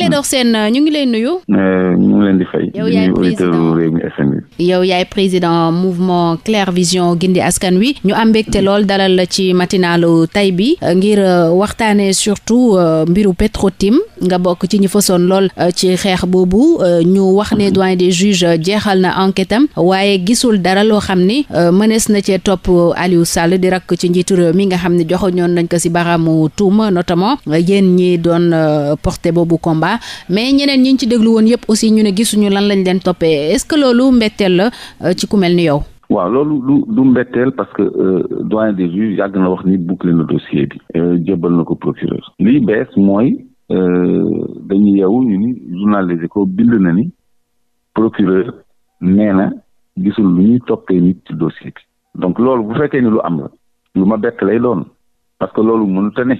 Clédor Sène euh, ñu ngi lay nuyu. Euh, ñu ngi leen di fay. yow yaay président Rewmi FM yow mouvement Claire Vision gindi askan wi ñu am mbégte lool dara la ci matinalu tay bi euh, ngir waxtaanee surtout mbiru Petrotim nga bokk ci ñu fasoon lool ci xeex boobu ñu wax ne mm-hmm. doyen des juges jeexal na enquête waaye gisul dara loo xam ni mënees na cee topp Aliou Sall di rakk ci njiitu réew mi nga xam ne joxoñoon nañ ko si baramu tuuma notamment yéen ñi doon porté boobu combat. mois mais ñeneen ñi ñu ci déglu woon yëpp aussi ñu ne gisuñu lan lañ leen toppee est-ce que loolu mbetteel la euh, ci ku ni yow. waaw loolu du lu mbetteel parce que euh, doyen des juges yàgg na wax ni boucler na dossier bi. Euh, jébbal na ko procureur. lii bees mooy dañuy yeewu ñu ni journal Les Échos bind na ni procureur nee na gisul lu ñuy toppee nit ci donc loolu bu fekkee ni lu am la. lu ma bett lay doon. parce que loolu mënut a ne.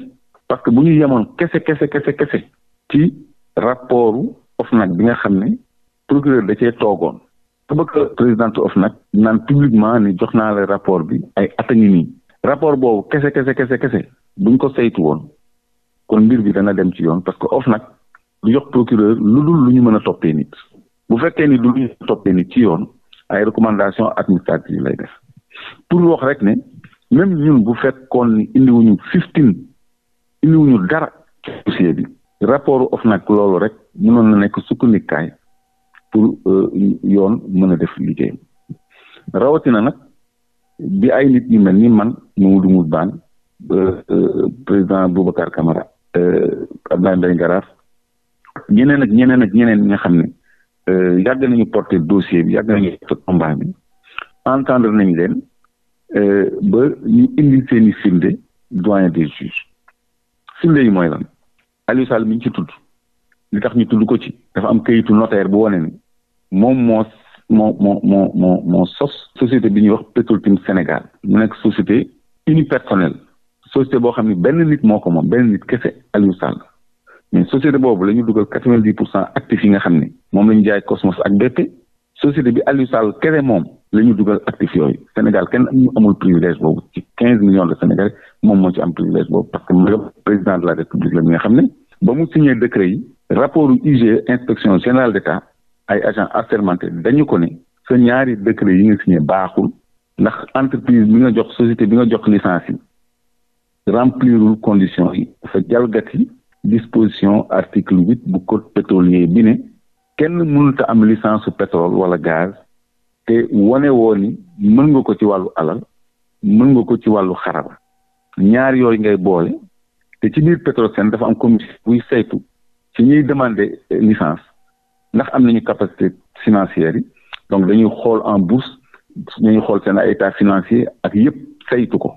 parce que bu ñu yemoon kese kese kese kese. ci rapportu OFNAC bi nga xam ne procureur da cee toogoon xam nga présidente OFNAC naan publiquement ni jox naa la rapport bi ay at a nii rapport boobu kese kese kese kese buñ ko saytu woon kon mbir bi dana dem ci yoon parce que OFNAC du jox procureur lu dul lu ñu mën a toppee nit bu fekkee ni du lu ñu toppee nit ci yoon ay recommandation administrative lay def pour wax rek ne même ñun bu fekkoon ni indiwuñu fifteen indiwuñu dara ci bi rapport nag loolu rek mënoon na nekk sukkandikaay pour euh, yoon mën a def liggéeyam rawatina nag bi ay nit ñu mel ni man Mamadou Mouth Bane euh, euh, président Boubacar Camara Abdoulaye Mbaye Ngaraaf ñeneen ak ñeneen ak ñeneen ñi nga xam ne yàgg nañu porter dossier bi yàgg nañu combat bi entendre nañ leen ba ñu indi seen i firnde doyen des juges firnde yi mooy lan Aliou Sall mi ñu ci tudd li tax ñu tudd ko ci dafa am këyitu notaire bu wane ni moom moo moo moo moo moo moo sos société bi ñuy wax Petrotim Sénégal mu nekk société unipersonnelle société boo xam ne benn nit moo ko moom benn nit kese Aliou Sall mais société boobu la ñu dugal quatre-vingt-dix pour cent actifs yi nga xam ne moom la ñu jaay Cosmos ak BP société bi Aliou Sall kese moom la ñu dugal actifs yooyu Sénégal kenn amul privilège boobu ci quinze millions de Sénégalais moom moo ci am privilège boobu parce que président nga xam ne ba mu signé décret yi rapport IG inspection générale d'État ay agent assermenté dañu ko ne sa ñaari décret yi nga signé baaxul ndax entreprise bi nga jox société bi nga jox licence yi remplirul condition yi dafa jalgati disposition article huit bu code pétrolier bi ne kenn mënut am licence su pétrole wala gaz te wane woo ni mën nga ko ci wàllu alal mën nga ko ci wàllu xarab ñaar yooyu ngay boole te ci biir Petrosen dafa am commission buy saytu ci ñuy demander eh, licence ndax am nañu capacité financière yi donc dañuy xool en bourse dañuy xool seen état financier ak yëpp saytu ko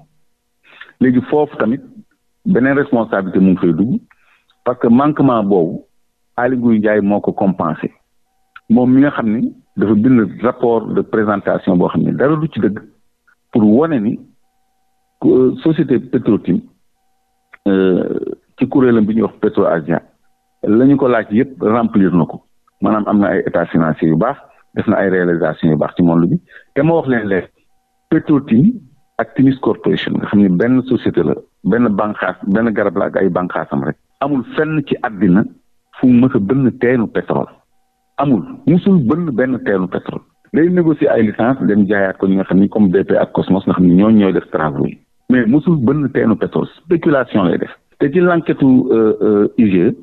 léegi foofu tamit beneen responsabilité mu ngi fay dugg parce que manquement boobu Aly Ngouille Ndiaye moo ko compensé moom mi nga xam ni dafa bind rapport de présentation boo xam ne dara du ci dëgg pour wane ni euh, société petro ci kuréelam bi ñuy wax Petro Asia la ñu ko laaj yëpp remplir na ko maanaam am na ay état financier yu baax def na ay réalisation yu baax ci monde bi te ma wax leen léegi Petro Tim ak Timis Corporation nga xam ne benn société la benn bànqaas benn garab la ak ay bànqaasam rek amul fenn ci àddina fu mu a bënn teenu pétrole amul musul bënn benn teenu pétrole day négocier ay licence dem jaayaat ko ñi nga xam ni comme BP ak Cosmos nga xam ni ñooñu ñooy mais mosul bënn teenu pétrole spéculation lay def te ci l'enquête euh, euh, IGE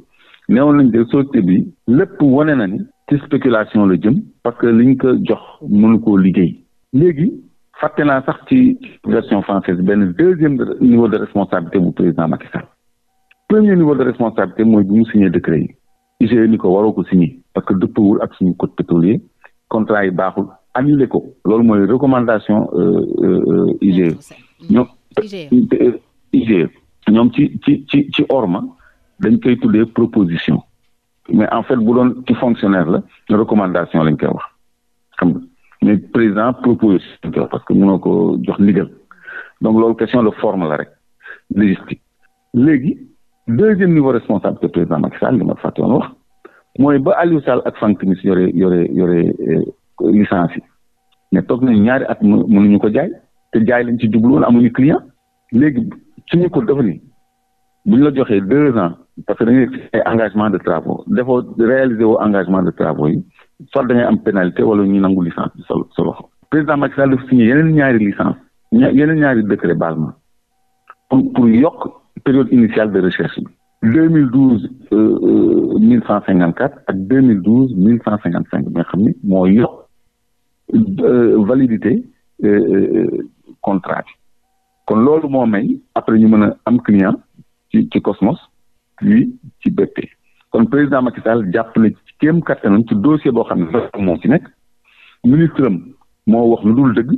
neewoon nañ de société bi lépp wane na ni ci spéculation la jëm parce que liñ ko jox mënu ko liggéey léegi fàtte naa sax ci version française benn deuxième niveau de responsabilité bu président Macky Sall premier niveau de responsabilité mooy bi mu signé décret yi IGE ni ko waroo ko signé parce que dëppawul ak suñu code pétrolier contrat yi baaxul annulé ko loolu mooy recommandation euh, IGE E. E. ñoom ci ci ci ci orma dañ koy tuddee proposition mais en fait bu doon ci fonctionnaire la recommandation lañ koy wax xam nga mais président proposé parce que mënoo ko jox ndigal donc loolu question de forme la rek légistique léegi deuxième niveau responsable que président Macky Sall li ma fàtte woon wax mooy ba Aliou Sall ak Franck Timis yore yore yore euh, licence yi mais toog nañu ñaari at mënuñu ko jaay te jaay lañ ci jublu woon amuñu client léegi suñu ko dafa ni la joxee deux ans parce que da ngay engagement de travaux defoo réaliser woo engagement de travaux yi soit da am pénalité wala ñu nangu licence bi sa sa loxo président Macky Sall dafa signé yeneen ñaari licence yeneen ñaari décret basement pour pour yokk période initiale de recherche bi deux mille douze euh, euh, mille cent cinquante quatre ak deux mille douze mille cent cinquante cinq bi nga xam ni moo yokk euh, validité contrat bi kon loolu moo may après ñu mën a am client ci ci Cosmos puis ci BP kon président Macky Sall jàpp na ci kéem kattanam ci dossier boo xam ne moom ci nekk ministre am moo wax lu dul dëgg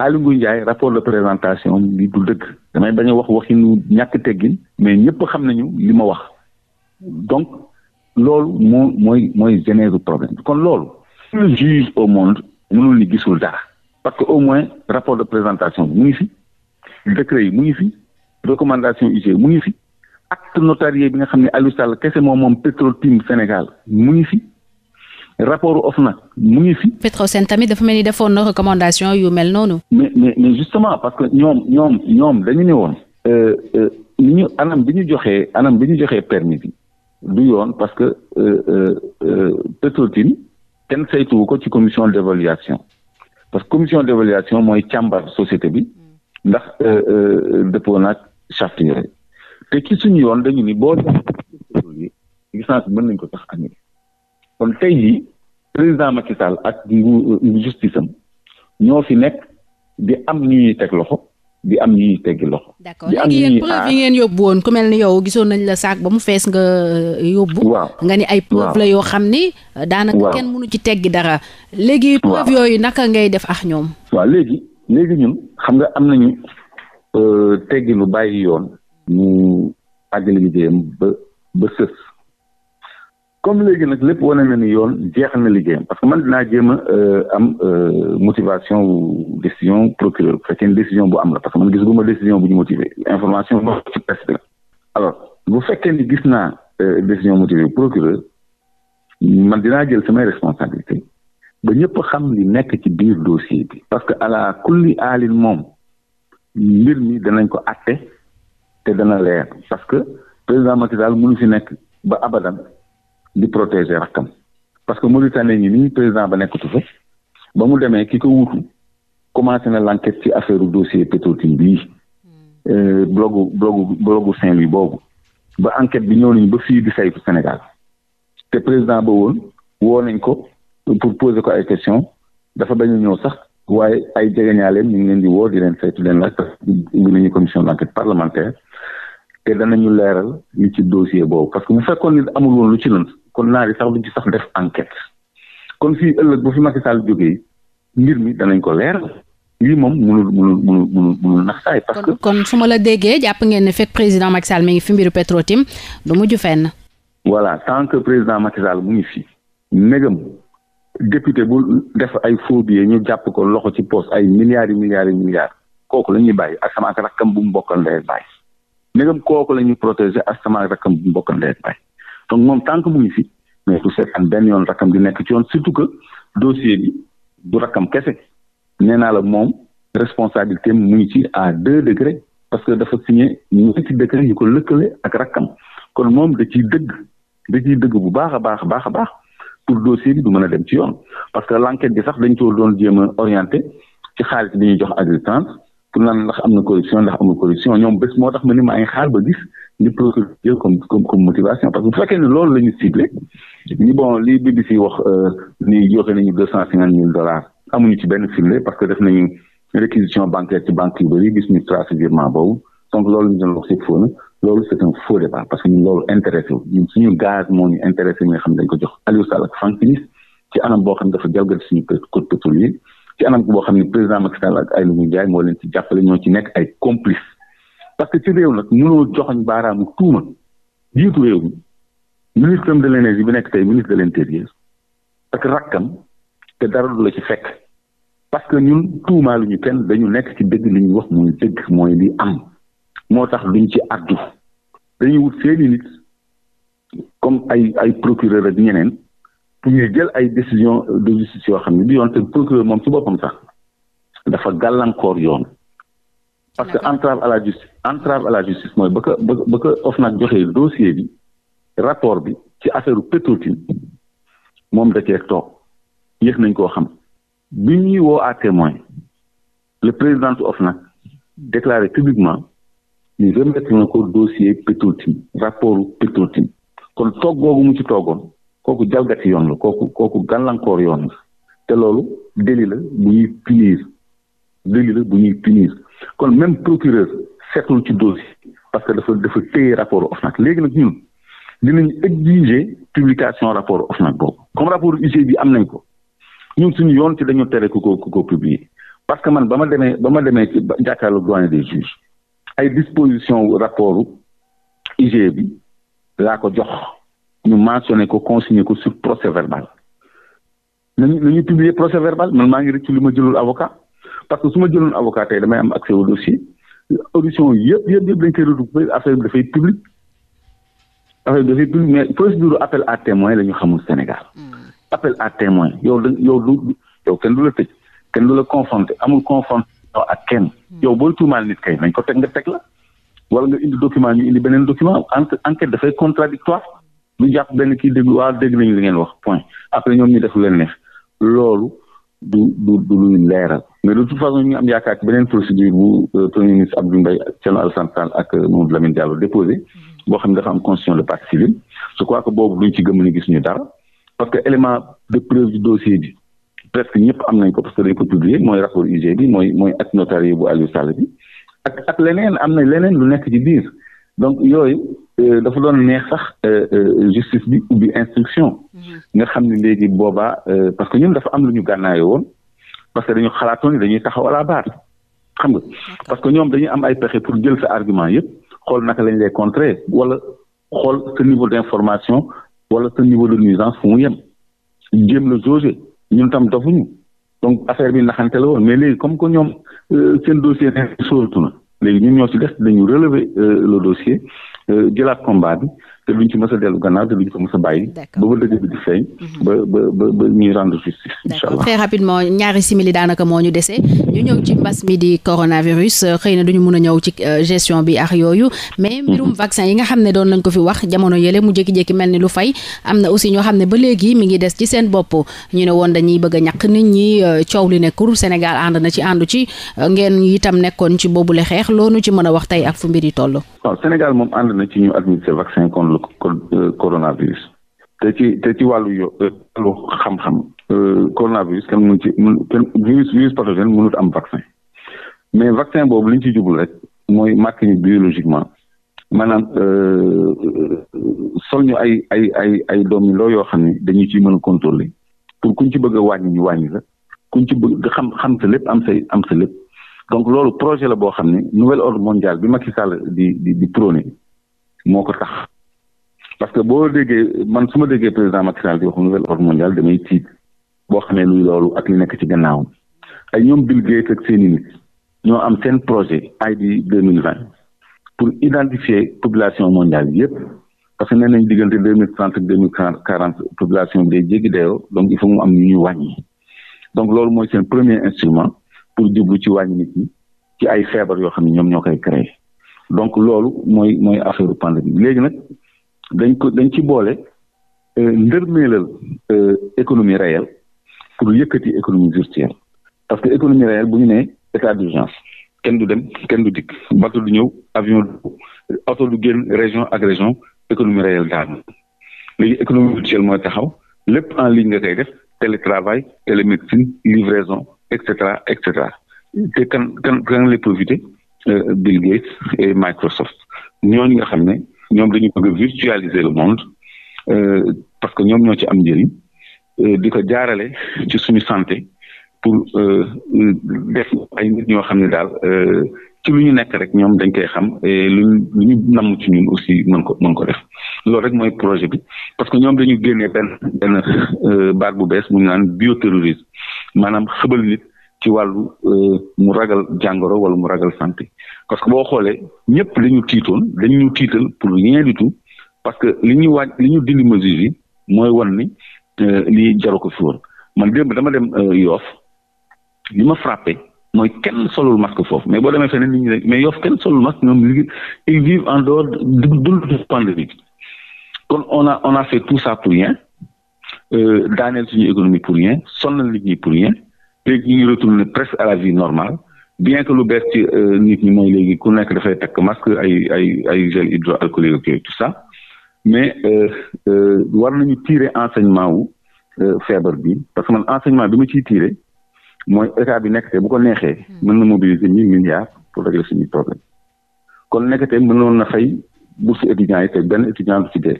Aly Ngouille Ndiaye rapport de présentation li du dëgg damay bañ a wax waxinu ñàkk teggin mais ñëpp xam nañu li ma wax donc loolu moo mooy mooy génère problème kon loolu le juge mënul ni gisul dara parce que au moins rapport de présentation mu ngi fi décret yi mu ngi fi recommandation UG mu ngi fi acte notarié bi nga xam ne Aliou Sall kese moom moom Petro-Tim Sénégal mu ngi fi rapport OFNAC mu ngi fi. Petrosen tamit dafa mel ni defoon na recommandation yu mel noonu. mais mais mais justement parce que ñoom ñoom ñoom dañu ne woon. Euh, euh, ni ñu anam bi ñu joxee anam bi ñu joxee permis bi du yoon parce que euh, Petro-Tim kenn saytuwu ko ci commission d'évaluation parce que commission d'évaluation mooy càmbar société bi ndax euh, euh, dëppoo naag charte yooyu te ci suñu yoon dañu ni boo demee gis naa mën nañ ko sax annulé kon tey jii président Macky Sall ak euh, justice am ñoo fi nekk di am ñu ñuy teg loxo. di am ñuy teggi loxo. d'accord léegi yéen preuve yi ngeen yóbbu woon ku mel ni yow gisoon nañu la saak ba mu fees nga euh, yóbbu. nga ni ay preuve la yoo xam ni. Euh, daanaka kenn mënu ci teggi dara. léegi preuve yooyu naka ngay def ak ñoom. waaw léegi léegi ñun xam nga am nañu euh, teggi lu bàyyi yoon. ñu àggali liggéeyam ba ba sës. comme léegi nag lépp wane na ni yoon jeexal na liggéeyam parce que man dinaa jéem euh, am euh, motivation wu décision procureur bu fekkee décision bu am la parce man gisaguma décision bu ñu motivé information mo ci presse bi la alors bu fekkee ni gis naa euh, décision motivée procureur man dinaa jël samay responsabilité ba ñëpp xam li nekk ci biir dossier bi parce que ala kulli aalin moom mbir mi danañ ko atte te dana leer parce que président Macky Sall mënu fi nekk ba abadan di protéger rakkam parce que Mauritanie ñi ni président ba nekkatu fa ba mu demee ki ko wutu commencé na l'enquête ci affaire dossier Petro-Tim bii hmm. euh, blogu blogu blogu Saint-Louis boobu ba enquête bi ñëw nañu ba fii di saytu Sénégal te président ba woon woo nañ ko pour poser ko ay question dafa bañ a ñëw sax waaye ay jegeñaaleem ñu ngi leen di woo di leen saytu leen laaj parce que indi nañu commission d'enquête parlementaire te danañu leeral li ci dossier boobu parce que bu fekkoon ni amul woon lu ci lënd kon naar yi sax duñ ci sax def enquête kon fii ëllëg bu fi Macky Sall jógee mbir mi danañ ko leeral lii moom mënul mënul mënul mënul mënul nax saay parce que kon su ma la déggee jàpp ngeen ne fekk président Macky Sall mi ngi fi mbiru Petrotim du mujj fenn. voilà tant que président Macky Sall mu ngi fi négam député bu def ay faux ñu jàpp ko loxo ci poste ay milliards yi milliards yi milliards kooku la ñuy bàyyi ak bu mu ndegam kooku la ñuy protéger ak sama rakkam bu mbokk ndey ak baay donc moom tant que mu ngi fi mais du seetaan benn yoon rakkam di nekk ci yoon surtout que dossier bi du rakkam kese nee naa la moom responsabilité mu ngi ci à deux degrés parce que dafa signé ñetti décret yu ko lëkkale ak rakkam kon moom da ciy dëgg da ciy dëgg bu baax a baax a baax a baax pour dossier bi du mën a dem ci yoon parce que l'enquête bi sax dañ ko doon jéem a orienté ci xaalis bi ñuy jox Agri Trans pour naan ndax am na corruption ndax amul corruption ñoom bés moo tax ma ni maa ngi xaar ba gis ni procureur jël comme comme motivation parce que bu fekkee ne loolu la ñu ciblé ñu bon li BBC wax euh, ni joxe nañu deux cent cinquante mille dollars amuñu ci benn ciblé parce que def nañu réquisition bancaire ci banque yu bëri gis ñu trace virement boobu donc loolu ñu doon wax si fóona loolu c'est un faux parce que ñun loolu intéressé wu ñun suñu gaz moo ñu intéressé ñi nga xam dañ ko jox Aliou Sall ak Franck xam ne dafa jalgati suñu code ci anam boo xam ne président Macky Sall ay lu Ngouille Ndiaye moo leen ci jàppale ñoo ci nekk ay complice parce que ci réew nag mënoo joxoñ baaraamu tuuma jiitu réew mi ministre de l'énergie bi nekk tey ministre de l'intérieur ak rakkam te dara du la ci fekk parce que ñun tuumaaluñu kenn dañu nekk ci dëgg li ñu wax mooy dëgg mooy li am moo tax duñ ci addu dañuy wut seeni nit comme ay ay procureur ak ñeneen pour ñuy jël ay décision de justice yoo xam ne bi yoon te procureur moom ci boppam sax dafa gàllankoor yoon parce que entrave à la justice entrave à la justice mooy ba ko ba ba ko OFNAC joxee dossier bi rapport bi ci affaire Petrotim moom da toog yéex nañ koo xam bi ñuy woo à témoin le président de OFNAC déclaré publiquement ñu remettre na ko dossier Petrotim rapport Petrotim kon toog googu mu ci toogoon kooku jalgati yoon la kooku kooku gàllankoor yoon la te loolu délit la bu ñuy punir délit la bu ñuy punir kon même procureur seetul ci dossier parce que dafa dafa téye rapport OFNAC léegi nag ñun dinañ exiger publication rapport OFNAC boobu comme rapport UG bi am nañ ko ñun suñu yoon ci dañu tere ku ko ku ko publier parce que man ba ma demee ba ma demee ci jàkkaarloo doyen des juges ay disposition rapport UG bi laa ko jox ñu mentionné ko consigné ko sur procès verbal nañu nañu publier procès verbal man maa ngi rëcc li ma jëlul avocat parce que su ma jëloon avocat tey damay am accès au dossier audition yëpp yëpp yëpp dañ koy bi dafay public affaire bi dafay public mais procédure la ñu xamul Sénégal hmm. appel à témoin yow da yow du yow la tëj kenn du la confronté amul confronté kenn hmm. yow booy tuumaal nit kay nañ ko teg nga teg la wala nga indi document ñu indi beneen document enquête dafay contradictoire du jàpp benn kii déglu waa dégg nañu li ngeen wax point après ñoom ñu def lu leen neex loolu du du du luñ leeral mais de toute façon ñu am yaakaar beneen procédure bu euh, premier ministre Abdou Mbaye ak Thierno Alassane Sall ak euh, Mamadou Lamine Diallo déposé mm-hmm. boo xam ne dafa am constitution de partie civile je crois boobu duñ ci gëm ni gis ñu dara parce que élément de preuve dossier bi presque ñëpp am nañ ko parce que dañ ko publier mooy rapport UG bi mooy mooy lu nekk ci biir donc yooyu euh, dafa doon neex sax euh, euh, justice bi ubbi instruction mhm. nga xam ne léegi boobaa parce que ñun dafa am lu ñu gànnaayoo woon parce que dañu xalaatoon ni dañuy taxaw à la barre xam nga parce que ñoom dañuy am ay pexe pour jël sa argument yëpp xool naka lañ lay contrer wala xool sa niveau d'information wala sa niveau de nuisance fu mu yem jéem la jauger ñun tam dofuñu donc affaire bi naxante la woon mais léegi comme que ñoom seen dossier ne sóoratu na léegi ñun ñoo ci des dañu relever euh, le dossier euh, jëlaat combat te luñ ci mës a dellu gannaaw te luñ ko mës bàyyi. ba dëgg bi di feeñ. Mhm. ba ba ba ñuy rendre justice. incha allah très rapidement ñaari simili daanaka moo ñu dese ñu ñëw ci mbas mi di coronavirus xëy na duñu mën a ñëw ci euh, gestion bi ak yooyu. mais mhm. mbirum vaccin yi nga xam ne doon nañ ko fi wax jamono yële mu jékki mel ni lu fay am na aussi ñoo xam ne ba léegi mi ngi des ci seen bopp ñu ne woon dañuy bëgg a ñàkk nit ñi euh, coow li nekkul Sénégal ànd na ci ànd ci euh, ngeen itam nekkoon ci boobule xeex loonu ci mën a wax tey ak fu mbir yi toll. Sénégal wàllu euh, coronavirus te ci te ci wàllu yo euh, wàllu xam-xam. Euh, coronavirus kenn mu ci kenn virus virus pathogène mënut am vaccin mais vaccin boobu li ñu ci jublu rek mooy marqué ñu biologiquement maanaam sol ñu ay ay ay ay doomi loo yoo xam ni dañu ciy mën a contrôler pour kuñ ci bëgg a wàññi ñu wàññi la kuñ ci bëgg xam xam sa lépp am say am sa lépp donc loolu projet la boo xam ne nouvel ordre mondial bi Macky Sall di di di prôné moo ko tax. parce que boo déggee man su ma déggee président Macky Sall di wax nouvelle ordre mondial damay tiit boo xamee luy loolu ak lu nekk ci gannaawam ay ñoom Bill Gates ak seen nit ñoo am seen projet ID deux pour identifier population mondiale yépp parce que nee nañ diggante deux mille trente ak deux mille quarante population bi day jéggi dayoo donc il faut mu am ñu ñuy wàññi donc loolu mooy seen premier instrument pour jublu ci wàññi nit ñi ci ay feebar yoo xam ne ñoom ñoo koy créer donc loolu mooy mooy affaire pandémie léegi nag. dañ ko dañ ci boole euh, ndërmeelal euh, économie réelle pour yëkkati économie virtuelle parce que économie réelle bu ñu nee état d'urgence kenn du dem kenn du dikk bateau du ñëw avion du auto du génn région ak région économie réelle daanu léegi économie virtuelle mooy taxaw lépp en ligne nga kay def télétravail télémédecine livraison et cetera et cetera te kan kan kan lay profité euh, Bill Gates et Microsoft ñooñu nga xam ne. ñoom dañu bëgg a virtualiser le monde euh, parce que ñoom ñoo ci am njëriñ euh, di ko jaarale ci suñu santé pour euh, def ay nit ñoo xam ne daal ci lu ñu nekk rek ñoom dañ koy xam luñ lu ñu namm ci ñun aussi mën ko mën ko def loolu rek mooy projet bi parce que ñoom dañu génne benn benn baat bu bees muñ ñu naan bioterrorisme maanaam xëbal nit ci wàllu euh, mu ragal jàngoro wala mu ragal santé parce que boo xoolee ñëpp dañu tiitoon dañu tiital pour rien du parce que li ñu waaj li ñu dindi mesure yi mooy wan ni euh, lii jaru ko fi woon man démb dama dem euh, yoof li ma frappé mooy kenn hmm. solul masque foofu mais boo demee feneen nit ñi rek mais yoof kenn solul masque ñoom li ils vivent en dehors dund pandémie kon on a on a fait tout ça pour rien daaneel suñu économie pour rien sonnal nit ñi pour rien léegi ñu ngi retourné presque à la vie normale bien que lu bees ci euh, nit ñi mooy léegi ku nekk dafay takk masque ay ay ay gel hydroalcoolique et tout ça mais euh, euh, war nañu tiire enseignement wu feebar bi parce que man enseignement bi ma ciy tirer mooy état bi nekkate bu ko neexee hmm. mën na mobiliser mille milliards pour régler suñuy problème kon nekkate noonu na fay bourse étudiants yi te benn étudiant du ci dee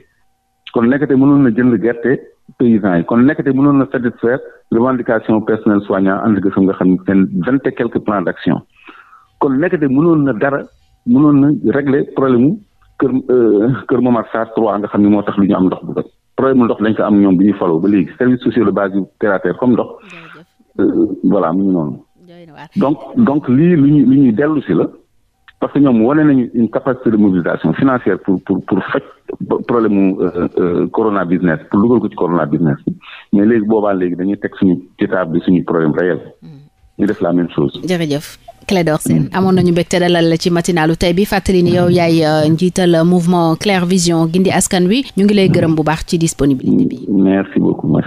kon nekkate mënoon na jënd gerte paysans yi kon nekkate mënoon na satisfaire revendication personnel soignant ànd gësam nga xam ne seen vingt et quelques plans d' action kon nekkate mënoon dara mënoon na régler problème mu kër euh, kër Momar Sarr 3 nga xam ne moo tax lu ñu am ndox bu doy problème ndox dañ ko am ñoom bu ñuy faloo ba léegi service sociaux de base yu terre à terre ndox euh, voilà mu ngi noonu donc donc lii lu ñuy lu ñuy dellu si la parce que ñoom wane nañu une capacité de mobilisation financière pour pour pour faj problème euh, euh, corona business pour dugal ko ci corona business mais léegi boobaa léegi dañuy teg suñu ci table bi suñu problème réel. Mm. ñu def la même chose. jërëjëf. Clédor Sène mm. amoon nañu mbégte dalal ci matinalu tey bi fàttali ni yow mm. yaay euh, njiital mouvement Claire Vision gindi askan wi ñu ngi lay gërëm bu baax ci disponibilité bi. merci beaucoup